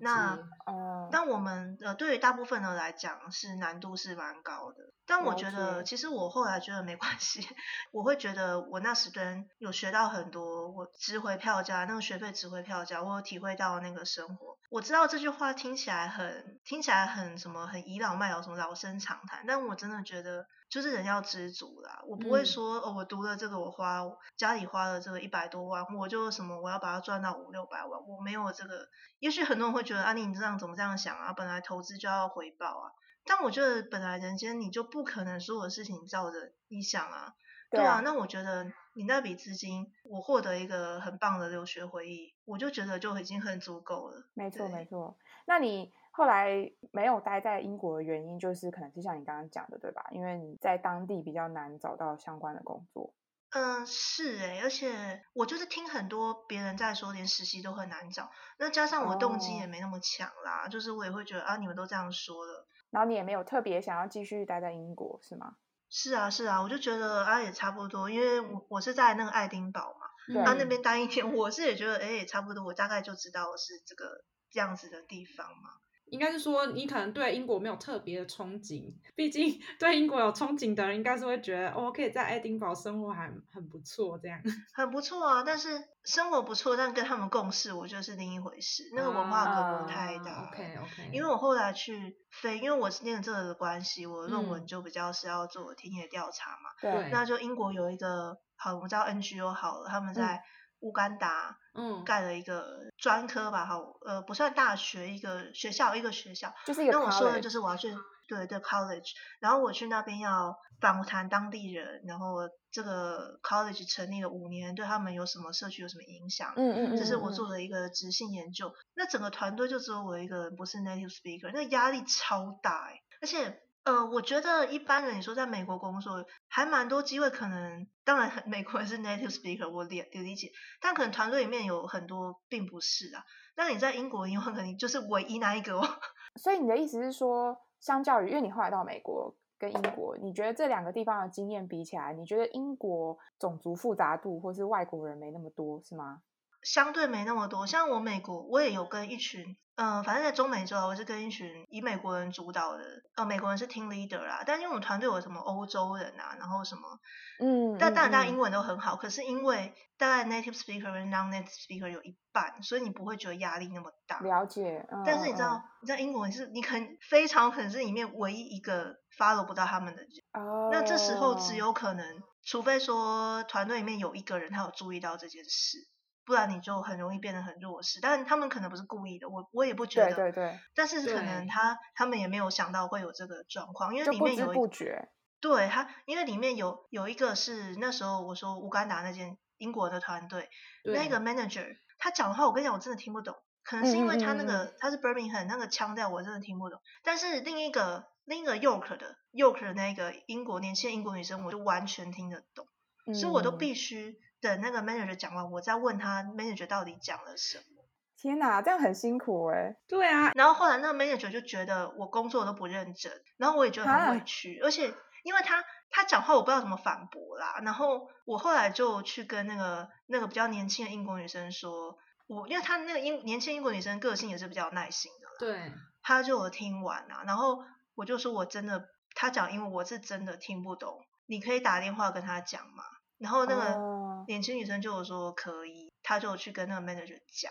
那，哦、但我們呃，對於大部分的來講是難度是蠻高的。但我覺得，解其實我後來覺得沒關係。我會覺得我那時跟有學到很多，我值回票價，那個學費值回票價，我有體會到那個生活。我知道這句話聽起來很，聽起來很什麼，很倚老賣老，什麼老生常談。但我真的覺得。就是人要知足啦。啊，我不會說、嗯、哦，我讀了這個，我花我家裡花了這個一百多萬，我就什麼我要把它賺到五六百萬，我沒有這個。也許很多人會覺得啊，你這樣怎麼這樣想啊？本來投資就要回報啊。但我覺得本來人間你就不可能所有事情照着你想啊。對啊，對啊，那我覺得你那筆資金，我獲得一個很棒的留學回憶，我就覺得就已經很足夠了。沒錯沒錯，那你。後來沒有待在英國的原因，就是可能是像你剛剛講的，對吧？因為你在當地比較難找到相關的工作。嗯，是哎、欸，而且我就是聽很多別人在說，連實習都很難找。那加上我動機也沒那麼強啦，哦、就是我也會覺得啊，你們都這樣說了，然後你也沒有特別想要繼續待在英國，是嗎？是啊，是啊，我就覺得啊，也差不多。因為我我是在那個愛丁堡嘛，那、嗯啊、那邊待一天，我是也覺得哎、欸，也差不多。我大概就知道我是這個這樣子的地方嘛。應該是說，你可能對英國沒有特別的憧憬。畢竟對英國有憧憬的人，應該是會覺得我、哦、可以在愛丁堡生活還很不錯，這樣很不錯啊。但是生活不錯，但跟他們共事，我覺得是另一回事。那個文化可能不太大。Uh, OK OK。因為我後來去飛，因為我是念這個的關係，我論文就比較是要做田野調查嘛。嗯、對。那就英國有一個，好，我知道 NGO 好了，他們在、嗯。烏干達，嗯，蓋了一個專科吧，哈、嗯，呃，不算大學，一個學校，一個學校。就是一個。那我說的就是我要去，對，對，college。然後我去那邊要訪談當地人，然後這個 college 成立了五年，對他們有什麼社區有什麼影響？嗯嗯這是我做的一個質性研究。嗯嗯嗯、那整個團隊就只有我一個人不是 native speaker，那壓力超大、欸、而且。呃，我覺得一般人你說在美國工作，還蠻多機會。可能當然美國人是 native speaker，我理理解，但可能團隊裡面有很多並不是啊。那你在英國，你可能就是唯一那一個哦。所以你的意思是說，相較於，因為你後來到美國跟英國，你覺得這兩個地方的經驗比起來，你覺得英國種族複雜度或是外國人沒那麼多，是嗎？相對沒那麼多，像我美國，我也有跟一群，嗯、呃，反正在中美洲，我是跟一群以美國人主導的，呃，美國人是 team leader 啦，但因為我們團隊有什麼歐洲人啊，然後什麼，嗯，但當然大家英文都很好，嗯嗯、可是因為大概 native speaker 跟 non native speaker 有一半，所以你不會覺得壓力那麼大。了解，哦、但是你知道，你知道英文是，你很非常可能是裡面唯一一個 follow 不到他們的人，哦、那這時候只有可能，除非說團隊裡面有一個人他有注意到這件事。不然你就很容易變得很弱勢，但他們可能不是故意的，我我也不覺得。對對，對但是可能他對他，他們也沒有想到會有這個狀況，因為裡面有一個不，不覺。對他，因為裡面有有一個是那時候我說烏干達那間英國的團隊，對那個 manager 他講的話，我跟你講，我真的聽不懂，可能是因為他那個、嗯、他是 Birmingham 那個腔調，我真的聽不懂。但是另一個另一個 York 的 York 的那個英國年輕英國女生，我就完全聽得懂，嗯、所以我都必須。等那個 manager 講完，我再問他 manager 到底講了什麼。天哪，這樣很辛苦哎、欸。對啊，然後後來那個 manager 就覺得我工作都不認真，然後我也覺得很委屈，哈而且因為他他講話我不知道怎麼反駁啦。然後我後來就去跟那個那個比較年輕的英國女生說，我因為他那個英年輕英國女生個性也是比較耐心的啦，對，他就聽完啦。然後我就說我真的他講英文，因為我是真的聽不懂，你可以打電話跟他講嘛。然後那個。哦年輕女生就說可以，他就去跟那個 manager 講，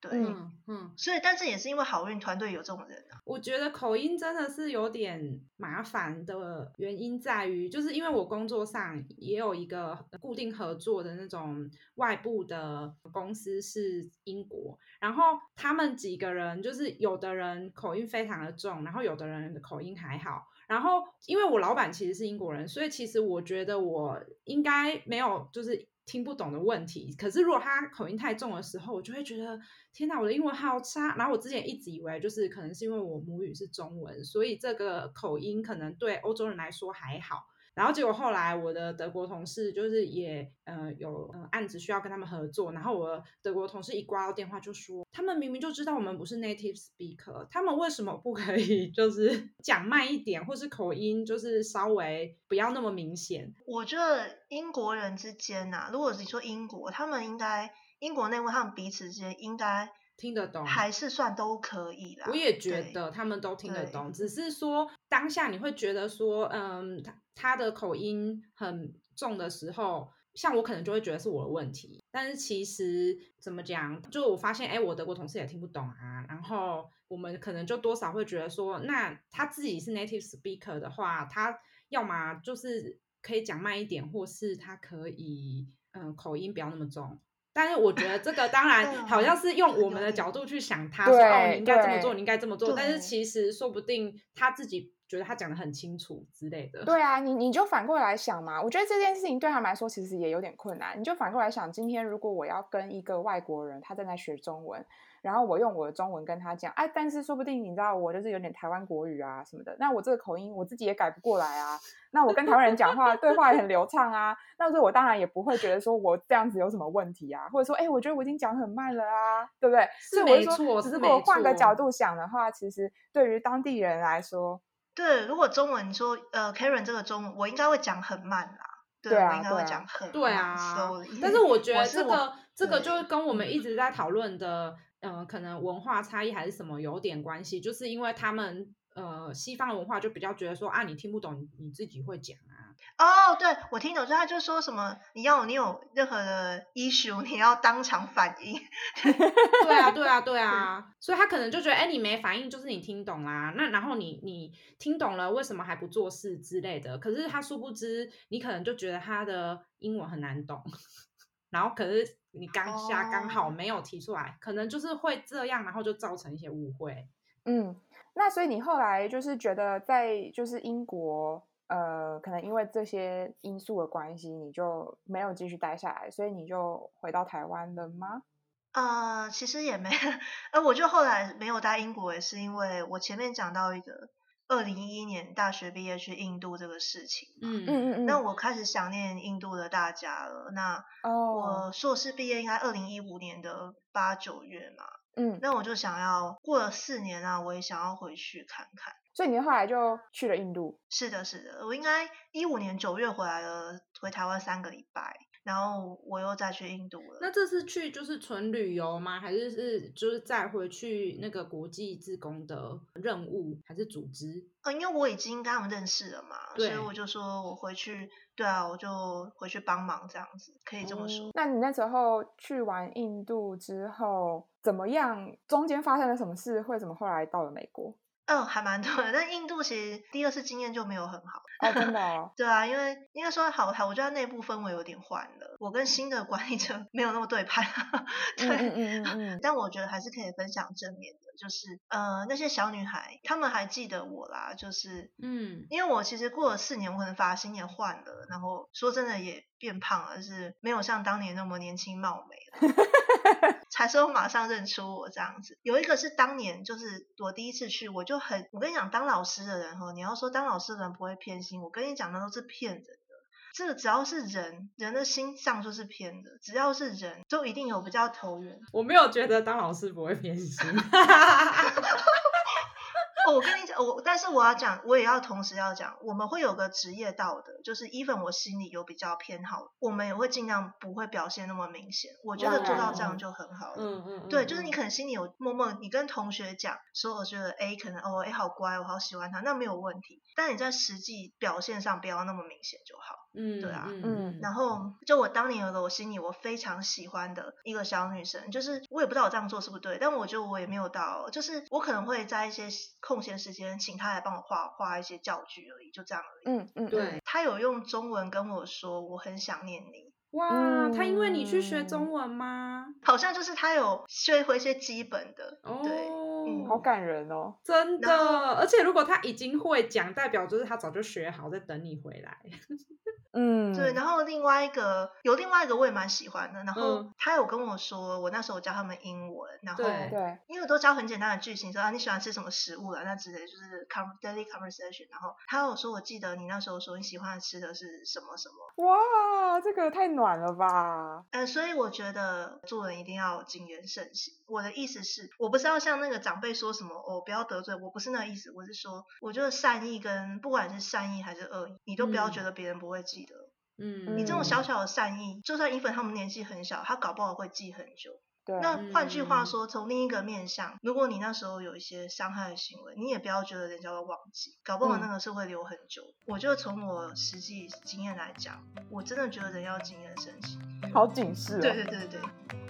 對，嗯嗯，嗯，所以但是也是因為好運團隊有這種人啊。我覺得口音真的是有點麻煩的原因在於，就是因為我工作上也有一個固定合作的那種外部的公司是英國，然後他們幾個人就是有的人口音非常的重，然後有的人口音還好，然後因為我老板其實是英國人，所以其實我覺得我應該沒有就是。聽不懂的問題，可是如果他口音太重的時候，我就會覺得天哪，我的英文好差。然後我之前一直以為，就是可能是因為我母語是中文，所以這個口音可能對歐洲人來說還好。然後，結果後來我的德國同事，就是也呃有呃案子需要跟他們合作，然後我的德國同事一掛到電話就說，他們明明就知道我們不是 native speaker，他們為什麼不可以就是講慢一點，或是口音就是稍微不要那麼明顯？我覺得英國人之間吶、啊，如果你說英國，他們應該英國內部他們彼此之間應該。聽得懂還是算都可以啦。我也覺得他們都聽得懂，只是說當下你會覺得說，嗯，他他的口音很重的時候，像我可能就會覺得是我的問題。但是其實怎麼講，就我發現，哎，我德國同事也聽不懂啊。然後我們可能就多少會覺得說，那他自己是 native speaker 的話，他要麼就是可以講慢一點，或是他可以，嗯，口音不要那麼重。 但是我覺得這個當然好像是用我們的角度去想他說，對，哦，你應該這麼做，你應該這麼做。但是其實說不定他自己覺得他講得很清楚之類的。對啊，你你就反過來想嘛。我覺得這件事情對他們來說其實也有點困難。你就反過來想，今天如果我要跟一個外國人，他正在學中文。然後我用我的中文跟他講，哎，但是說不定你知道，我就是有點台灣國語啊什麼的。那我這個口音我自己也改不過來啊。那我跟台灣人講話 對話也很流暢啊。那我當然也不會覺得說我這樣子有什麼問題啊，或者說，哎，我覺得我已經講很慢了啊，對不對？是沒錯，只是如果換個角度想的話，其實對於當地人來說，對，如果中文說，呃，Karen 這個中文，我應該會講很慢啦。對，對啊，對啊，我應該會講很慢。對啊，so, 但是我覺得這個、嗯、我我這個就是跟我們一直在討論的。嗯、呃，可能文化差異還是什麼有點關係，就是因為他們呃西方文化就比較覺得說啊，你聽不懂，你，你自己會講啊。哦，oh, 對，我聽懂，所以他就說什麼，你要你有任何的 issue，你要當場反應。 對啊，對啊，對啊。所以他可能就覺得，哎，你沒反應，就是你聽懂啦、啊。那然後你你聽懂了，為什麼還不做事之類的？可是他殊不知，你可能就覺得他的英文很難懂。然後可是你剛下剛好沒有提出來，哦、可能就是會這樣，然後就造成一些誤會。嗯，那所以你後來就是覺得在就是英國，呃，可能因為這些因素的關係，你就沒有繼續待下來，所以你就回到台灣了嗎？呃，其實也沒，呃，我就後來沒有待英國也是因為我前面講到一個。二零一一年大學畢業去印度這個事情，嗯嗯嗯，那我開始想念印度的大家了。那我碩士畢業應該二零一五年的八九月嘛，嗯，那我就想要過了四年啊，我也想要回去看看。所以你後來就去了印度？是的，是的，我應該一五年九月回來了，回台灣三個禮拜。然後我又再去印度了。那這次去就是純旅遊嗎？還是就是就是再回去那個國際志工的任務還是組織？呃，因為我已經跟他們認識了嘛，對所以我就說我回去，對啊，我就回去幫忙這樣子，可以這麼說。嗯，那你那時候去完印度之後怎麼樣？中間發生了什麼事？會怎麼後來到了美國？嗯、哦，還蠻多的。但印度其實，第二次經驗就沒有很好。哦，真的哦。對啊，因為應該說好，好，我覺得內部氛圍有點換了。我跟新的管理者沒有那麼對拍。呵呵對，嗯嗯嗯嗯、但我覺得還是可以分享正面的，就是呃，那些小女孩，她們還記得我啦。就是，嗯，因為我其實過了四年，我可能髮型也換了，然後說真的也變胖了，就是沒有像當年那麼年輕貌美了。 才說我馬上認出我這樣子，有一個是當年就是我第一次去，我就很我跟你講，當老師的人哈，你要說當老師的人不會偏心，我跟你講那都是騙人的。這個只要是人，人的心上就是偏的，只要是人就一定有比較投緣。我沒有覺得當老師不會偏心， 我跟你講。我但是我要講，我也要同時要講，我們會有個職業道德，就是 even 我心裡有比較偏好，我們也會儘量不會表現那麼明顯。我覺得做到這樣就很好了。嗯嗯。對，就是你可能心裡有默默，你跟同學講說，我覺得 A 可能哦，哎，好乖，我好喜歡他，那沒有問題。但你在實際表現上不要那麼明顯就好。嗯，對啊。嗯。嗯然後，就我當年有個我心裡我非常喜歡的一個小女生，就是我也不知道我這樣做是不對，但我覺得我也沒有到，就是我可能會在一些空閒時間。請他來幫我畫畫一些教具而已，就這樣而已。嗯嗯，嗯對，對他有用中文跟我說，我很想念你。哇，嗯，他因為你去學中文嗎？好像就是他有學會一些基本的。哦，對。嗯、好感人哦，真的！然後，而且如果他已經會講，代表就是他早就學好，在等你回來。 嗯，對。然後另外一個有另外一個我也蠻喜歡的，然後他有跟我說，我那時候教他們英文，然後對，對因為我都教很簡單的句型，說啊你喜歡吃什麼食物了，啊，那之類，就是 con daily conversation。然後他有說，我記得你那時候說你喜歡吃的是什麼什麼。哇，這個太暖了吧！嗯、呃，所以我覺得做人一定要謹言慎行。我的意思是，我不是要像那個長輩說什麼，哦，不要得罪，我不是那個意思，我是說，我覺得善意跟不管是善意還是惡意，你都不要覺得別人不會記得。嗯，你這種小小的善意，嗯、就算銀粉他們年紀很小，他搞不好會記很久。對那換句話說，從、嗯、另一個面向，如果你那時候有一些傷害的行為，你也不要覺得人家會忘記，搞不好那個是會留很久。嗯、我就從我實際經驗來講，我真的覺得人要經驗謹慎。好警示。對對對對。